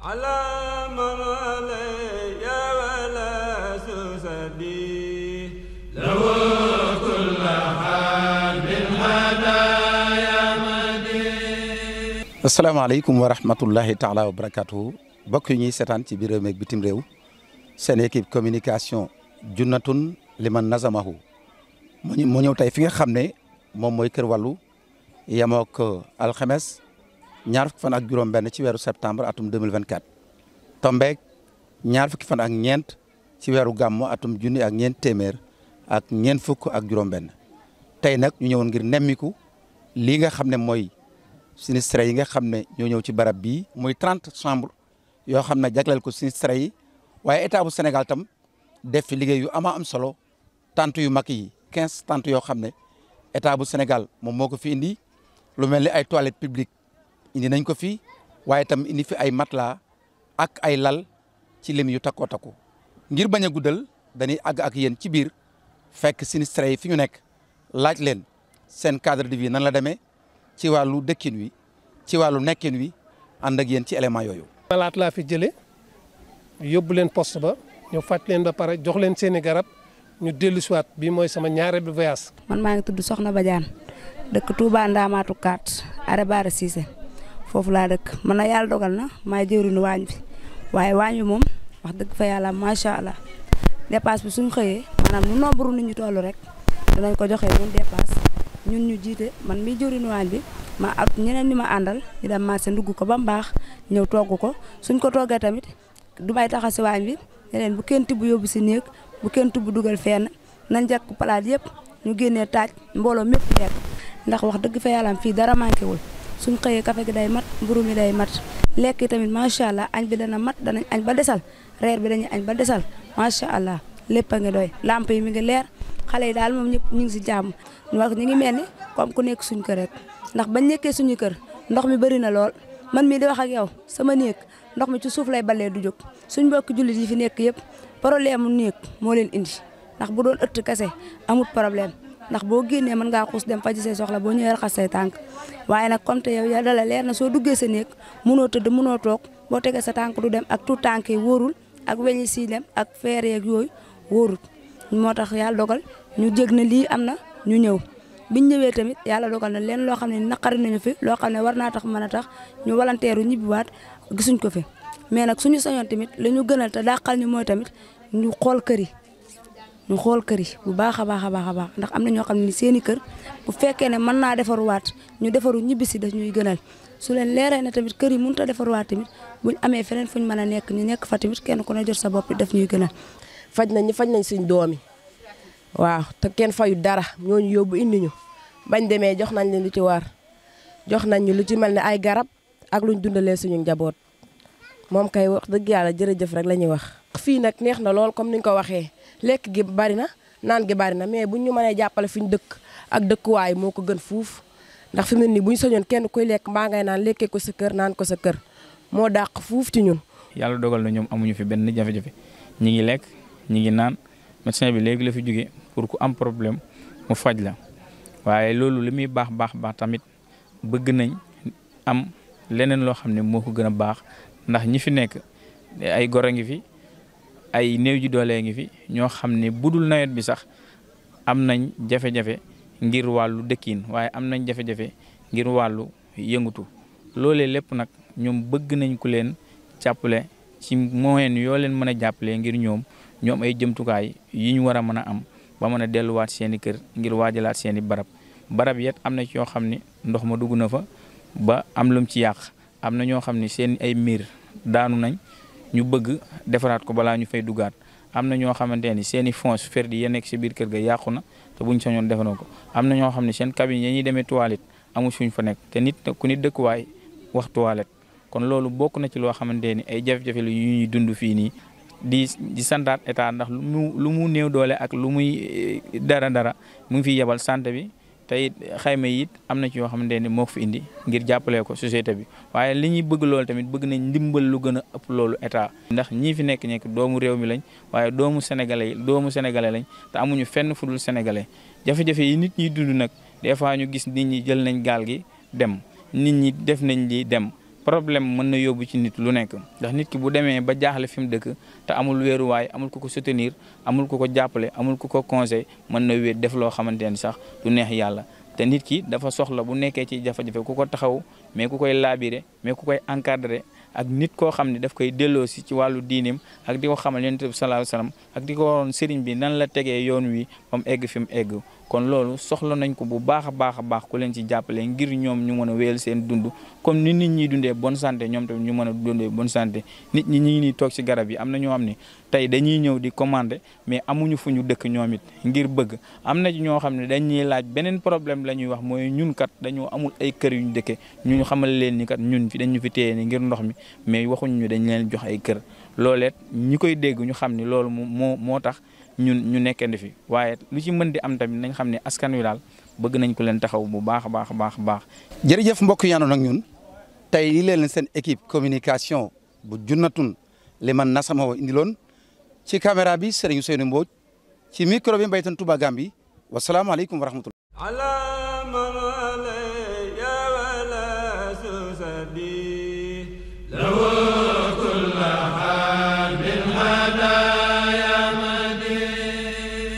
السلام عليكم ورحمة الله تعالى وبركاته بكوني ستان تبير ميك بتم ريو سن اكيب كومينيكاسيون جنتون لمن نزمه مونيو تايفين خامني مو موي كير والو ياموك موك الخميس ñaar fukki fan ak juróom-benn ci weeru septembre atum 2024 Tombe, ñaar fukki fan ak ñeent ci weeru gàmmu atum junni ak ñeent téeméer ak ñeent fukk ak juróom-benn tey nag ñu ñëwoon ngir nemmiku lii nga xam ne mooy sinistre yi nga xam ne ñoo ñëw ci barab bii muy trente chambre yoo xam ne jagleel ko sinistre yi waaye état bu Sénégal tam def fi liggéey yu ama am solo tente yu mag yi quinze tente yoo xam ne état bu Sénégal moom moo ko fi indi lu mel ni ay indi nañ ko fi waye tam indi fi ay matla ak ay lal ci lim yu takko takku ngir baña guddal dañi ag ak yeen ci bir fekk sinistre yi fi ñu nekk laaj leen sen cadre de vie nan la demee ci walu dëkkin wi ci walu nekkin wi and ak yeen ci élément yoyu la fi yobul leen poste ba ñu fat leen ba pare jox leen seeni garab ñu ci wat bi moy sama bi voyage. man ma ngi tuddu Soxna badian dekk Touba Ndamatou Kat foofu laa dëkk man na yàlla dogal na maay jëwriñu waañ bi waaye waañ bi moom wax dëgg fa yàlla macha allah dépasse bi suñ xëyee maanaam nu nombre nit ñu toll rek danañ ko joxe ñun dépasse ñun ñu jiite man mi jëwriñu waañ bi ma ak ñeneen ñi ma àndal ñu dem marché ndugg ko ba mu baax ñëw togg ko suñ ko toggee tamit du may taxa si waañ bi ñeneen bu kenn tibb yóbbu si néeg bu kenn tibb dugal fenn nañ jàkk palaat yëpp ñu génnee taaj mbooloo mépp lekk ndax wax dëgg fa yàlla fii dara manqué wul suñ xëyee café gi day mat mburu mi day mat lekk yi tamit macha allah añ bi dana mat danañ añ ba desal reer bi dañuy añ ba desal macha allah lépp a ngi doy lamp yi mi ngi leer xale yi daal moom ñëpp ñu ngi si jàmm ñu wax ñu ngi mel ni comme ku nekk suñ kër rek ndax bañ nekkee suñu kër ndox mi bëri na lool man mii di wax ak yow sama néeg ndox mi ci suuf lay balee du jóg suñ mbokk jullit yi fi nekk yëpp problème mu néeg moo leen indi ndax bu doon ëtt kese amut problème ndax boo génnee mën ngaa xuus dem faji say soxla boo ñëwee raxas say tànk waaye nag comme te yow ya dala leer na soo duggee sa néeg mënoo tëdd mënoo toog boo tegee sa tànk du dem ak tout tànk yi wóorul ak weñ si dem ak feer yeeg yooyu wóorul moo tax yàlla dogal ñu jég na lii am na ñu ñëw biñ ñëwee tamit yàlla dogal na leen loo xam ne naqari nañu fi loo xam ne war naa tax mën a tax ñu walanteeru ñibbiwaat gisuñ ko fi mais nag suñu sañoon tamit lañu ñu gënal te dàqal ñu mooy tamit ñu xool kër yi ñu xool kër yi bu baax a baax a baax a baax ndax am na ñoo xam ne seen i kër bu fekkee ne mën naa defaruwaat ñu defaru ñibbisi daf ñuy gënal su leen leeree ne tamit kër yi mënut a defaruwaat tamit buñ amee feneen fuñ mën a nekk ñu nekk fa tamit kenn ku ne jot sa bopp daf ñuy gënal. faj nañ ñu faj nañ suñ doom yi waaw te kenn fayu dara ñooñu yóbbu indi ñu bañ demee jox nañ leen lu ci war jox nañ lu ci mel ne ay garab ak luñ dundalee suñu njaboot moom kay wax dëgg yàlla jërëjëf rek la ñuy wax. fii nag neex na lool comme ni nga ko waxee lekk gi bari na naan gi bari na mais buñ ñu mënee jàppale fi ñu dëkk ak dëkkuwaay moo ko gën fuuf ndax fi mu nii bu ñu soñoon kenn kuy lekk mbaa ngay naan lekkee ko sa kër naan ko sa kër moo dàq fuuf ci ñun. yàlla dogal na ñoom amuñu fi benn jafe-jafe ñi ngi lekk ñu ngi naan médecin bi léegi la fi jóge pour ku am problème mu faj la waaye loolu li muy baax baax baax tamit bëgg nañ am leneen loo xam ne moo ko gën a baax ndax ñi fi nekk ay goro ngi fi. ay néew ji doolee ngi fi ñoo xam ne budul nawet bi sax am nañ jafe-jafe ngir wàllu dëkkiin waaye am nañ jafe-jafe ngir wàllu yëngatu loole lépp nag ñoom bëgg nañ ku leen jàppale ci moyen yoo leen mën a jàppalee ngir ñoom ñoom ay jëmtukaay yi ñu war a mën a am ba mën a delluwaat seen i kër ngir waajalaat seeni barab barab yet am na ci yoo xam ni ndox ma dugg na fa ba am lum ci yàq am na ñoo xam ni seen ay miir daanu nañ ñu bëgg defaraat ko balaa ñu fay dugaat am na ñoo xamante ni seen i fonds ferdi ya nekk si biir kër ga yàqu na te buñ sañoon defaral ko am na ñoo xam ne seen cabine ya ñuy demee toilette amul suñ fa nekk te nit ku nit dëkkuwaay wax toilette kon loolu bokk na ci loo xamante ni ay jafe-jafe la yu ñuy dund fii nii di di santaat état ndax lu mu lu mu néew doole ak lu muy eh, dara dara mu ngi fiy yebal santé bi tey xayma yi it am na ci yoo xamante ne moo fi indi ngir jàppale ko société bi waaye li ñuy bëgg loolu tamit bëgg nañ ndimbal lu gën a ëpp loolu état. ndax ñii fi nekk nekk doomu réew mi lañ waaye doomu sénégalais doomu sénégalais lañ te amuñu fenn fu dul sénégalais jafe-jafe yi nit ñi dund nag des fois ñu gis nit ñi jël nañ gaal gi dem nit ñi def nañ li dem. problème mën na yóbbu ci nit lu nekk ndax nit ki bu demee ba jaaxle fi mu dëkk te amul wéeruwaay amul ko ko soutenir amul ko ko jàppale amul ku ko conseil mën na wéet def loo xamante ne sax du neex yàlla te nit ki dafa soxla bu nekkee ci jafe-jafe ku ko taxaw mais ku koy labiré mais ku koy encadré ak nit koo xam ne daf koy delloosi ci wàllu diineem ak di ko xamal yonent bi salaahu salaam ak di ko waroon sëriñ bi nan la tegee yoon wi om egg fi mu egg kon loolu soxla nañ ko bu baax a baax a baax ku leen ci jàppale ngir ñoom ñu mën a wéyal seen dund comme ni nit ñi dundee bonne santé ñoom tamit ñu mën a dundee bonne santé nit ñi ñu nii toog ci garab yi am na ñoo xam ne tey dañuy ñëw di commander mais amuñu fu ñu dëkk ñoom it ngir bëgg am na ñoo xam ne dañuy laaj beneen problème la ñuy wax mooy ñun kat dañoo amul ay kër yu ñu dëkke ñu xamal leen ni kat ñun fi dañu fi téye ni ngir ndox mi mais waxuñ ñu dañ leen jox ay kër looleet ñi koy dégg ñu xam ne loolu moo moo tax ñun ñu nekkandi fi waaye lu ci mën di am tamit nañ xam ne askan wi daal bëgg nañ ko leen taxaw bu baax a baax baax baax. jërëjëf mbokk yi àndoon ñun tey lii leen seen équipe communication bu junnatun li man na sama indiloon. ci caméra bi Serigne Ousseynou Mbodj ci micro bi Mbaytan Touba Gambi wasalaamaaleykum wa rahmatullah